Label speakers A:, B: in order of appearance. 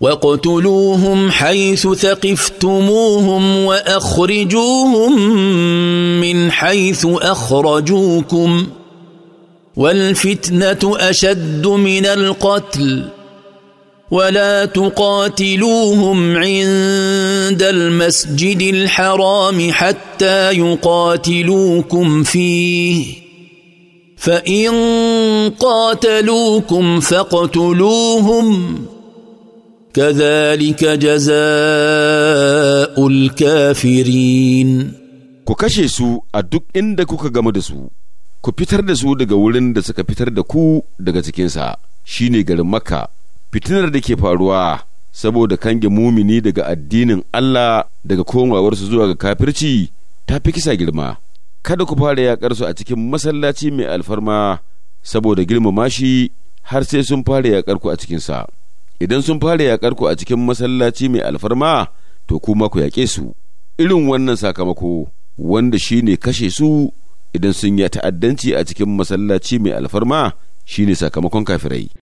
A: واقتلوهم حيث ثقفتموهم واخرجوهم من حيث اخرجوكم والفتنه اشد من القتل ولا تقاتلوهم عند المسجد الحرام حتى يقاتلوكم فيه فان قاتلوكم فاقتلوهم كذلك جزاء الكافرين
B: ku kashe su a duk inda kuka gamu da su ku fitar da su daga wurin da suka fitar da ku daga cikinsa shine garin makka fitinar da ke faruwa saboda kange mumini daga addinin Allah daga komawarsu zuwa ga kafirci ta fi kisa girma kada ku fara yakar su a cikin masallaci mai alfarma saboda girmama shi har sai sun fara yakar ku a cikinsa. idan sun fara yaƙar ku a cikin masallaci mai alfarma to kuma ku yaƙe su irin wannan sakamako wanda shi ne kashe su idan sun yi ta'addanci a cikin masallaci mai alfarma shi ne sakamakon kafirai